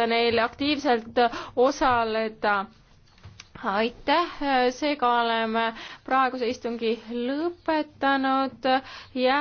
võimalust neil aktiivselt osaleda aitäh, seega oleme praeguse istungi lõpetanud ja